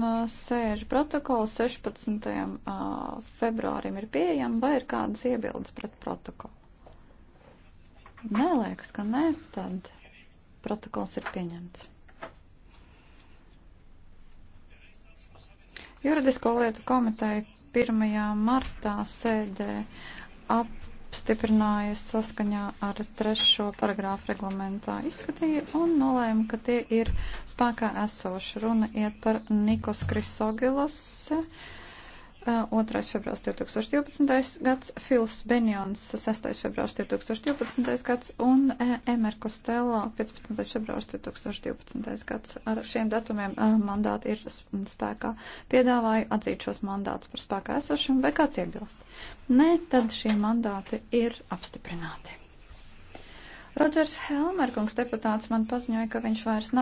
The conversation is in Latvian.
no sēžu protokols 16. februārim ir pieejama vai ir kādas iebildes pret protokolu? Nē, liekas, ka nē, tad protokols ir pieņemts. Juridisko lietu komiteja 1. martā sēdē ap apstiprinājusi saskaņā ar trešo paragrāfu reglamentā izskatīja un nolēma, ka tie ir spēkā esoši. Runa iet par Nikos Krisogilos 2. februārs 2012. gads, Fils Benjons 6. februārs 2012. gads un Emer Costello 15. februārs 2012. gads. Ar šiem datumiem mandāti ir spēkā. Piedāvāju atzīt šos mandātus par spēkā esošiem vai kāds iebilst. Nē, tad šie mandāti ir apstiprināti. Rodžers Helmerkungs deputāts man paziņoja, ka viņš vairs nav.